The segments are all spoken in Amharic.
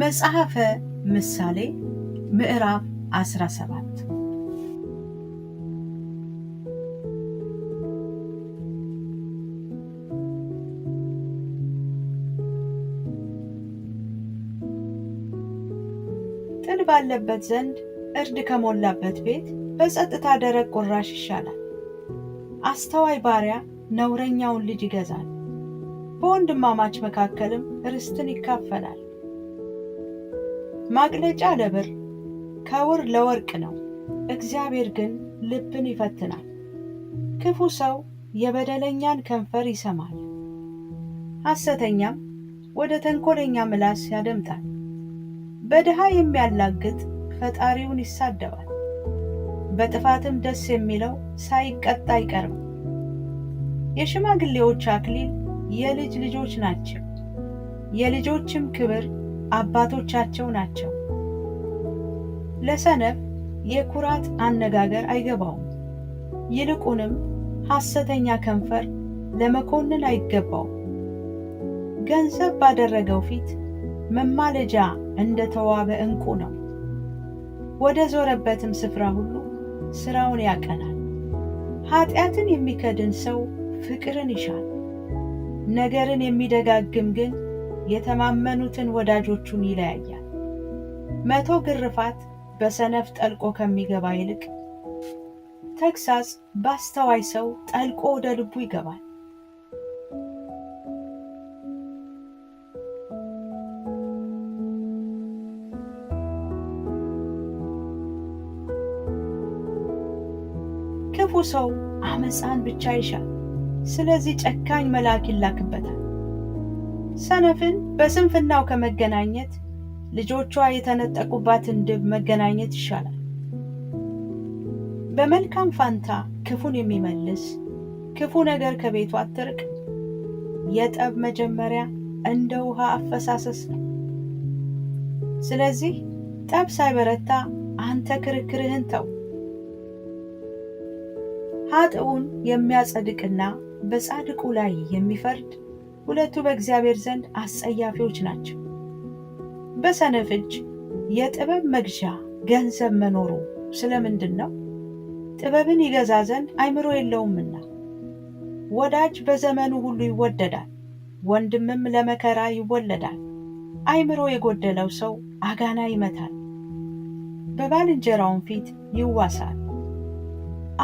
መጽሐፈ ምሳሌ ምዕራፍ 17 ጥል ባለበት ዘንድ እርድ ከሞላበት ቤት በጸጥታ ደረቅ ቁራሽ ይሻላል። አስተዋይ ባሪያ ነውረኛውን ልጅ ይገዛል፣ በወንድማማች መካከልም ርስትን ይካፈላል። ማቅለጫ ለብር ከውር ለወርቅ ነው። እግዚአብሔር ግን ልብን ይፈትናል። ክፉ ሰው የበደለኛን ከንፈር ይሰማል፣ ሐሰተኛም ወደ ተንኮለኛ ምላስ ያደምታል። በድሃ የሚያላግጥ ፈጣሪውን ይሳደባል፣ በጥፋትም ደስ የሚለው ሳይቀጣ አይቀርም። የሽማግሌዎች አክሊል የልጅ ልጆች ናቸው፣ የልጆችም ክብር አባቶቻቸው ናቸው። ለሰነፍ የኩራት አነጋገር አይገባውም፣ ይልቁንም ሐሰተኛ ከንፈር ለመኮንን አይገባው ገንዘብ ባደረገው ፊት መማለጃ እንደ ተዋበ እንቁ ነው። ወደ ዞረበትም ስፍራ ሁሉ ሥራውን ያቀናል። ኀጢአትን የሚከድን ሰው ፍቅርን ይሻል፣ ነገርን የሚደጋግም ግን የተማመኑትን ወዳጆቹን ይለያያል። መቶ ግርፋት በሰነፍ ጠልቆ ከሚገባ ይልቅ ተግሳጽ ባስተዋይ ሰው ጠልቆ ወደ ልቡ ይገባል። ክፉ ሰው አመፃን ብቻ ይሻል። ስለዚህ ጨካኝ መልአክ ይላክበታል። ሰነፍን በስንፍናው ከመገናኘት ልጆቿ የተነጠቁባትን ድብ መገናኘት ይሻላል። በመልካም ፋንታ ክፉን የሚመልስ ክፉ ነገር ከቤቷ አትርቅ። የጠብ መጀመሪያ እንደ ውሃ አፈሳሰስ ነው። ስለዚህ ጠብ ሳይበረታ አንተ ክርክርህን ተው። ኃጥኡን የሚያጸድቅና በጻድቁ ላይ የሚፈርድ ሁለቱ በእግዚአብሔር ዘንድ አስጸያፊዎች ናቸው። በሰነፍ እጅ የጥበብ መግዣ ገንዘብ መኖሩ ስለምንድን ነው? ጥበብን ይገዛ ዘንድ አይምሮ የለውምና። ወዳጅ በዘመኑ ሁሉ ይወደዳል፣ ወንድምም ለመከራ ይወለዳል። አይምሮ የጎደለው ሰው አጋና ይመታል፣ በባልንጀራውን ፊት ይዋሳል።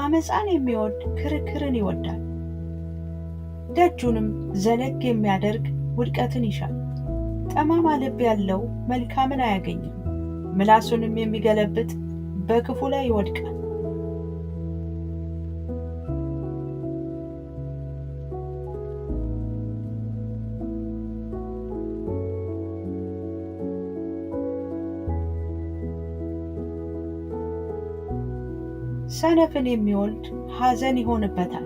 አመፃን የሚወድ ክርክርን ይወዳል። ደጁንም ዘለግ የሚያደርግ ውድቀትን ይሻል። ጠማማ ልብ ያለው መልካምን አያገኝም፣ ምላሱንም የሚገለብጥ በክፉ ላይ ይወድቃል። ሰነፍን የሚወልድ ሐዘን ይሆንበታል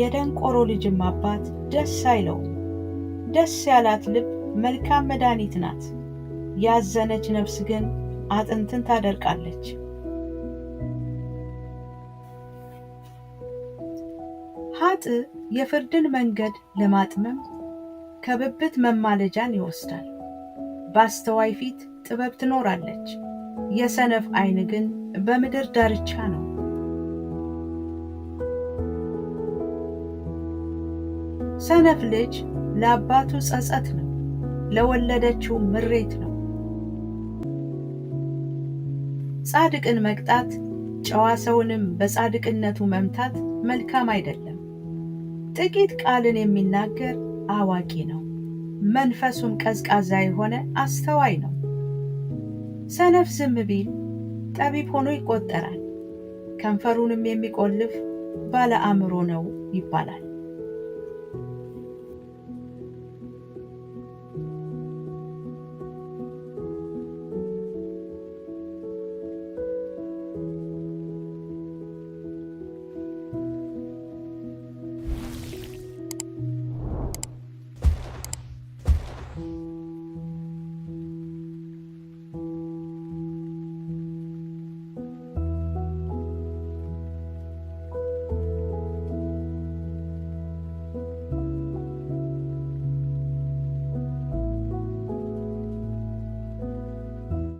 የደንቆሮ ልጅም አባት ደስ አይለውም። ደስ ያላት ልብ መልካም መድኃኒት ናት፣ ያዘነች ነፍስ ግን አጥንትን ታደርቃለች። ሀጥ የፍርድን መንገድ ለማጥመም ከብብት መማለጃን ይወስዳል። በአስተዋይ ፊት ጥበብ ትኖራለች፣ የሰነፍ ዓይን ግን በምድር ዳርቻ ነው። ሰነፍ ልጅ ለአባቱ ጸጸት ነው፣ ለወለደችው ምሬት ነው። ጻድቅን መቅጣት፣ ጨዋ ሰውንም በጻድቅነቱ መምታት መልካም አይደለም። ጥቂት ቃልን የሚናገር አዋቂ ነው፣ መንፈሱም ቀዝቃዛ የሆነ አስተዋይ ነው። ሰነፍ ዝም ቢል ጠቢብ ሆኖ ይቆጠራል፣ ከንፈሩንም የሚቆልፍ ባለ አእምሮ ነው ይባላል። Thank you.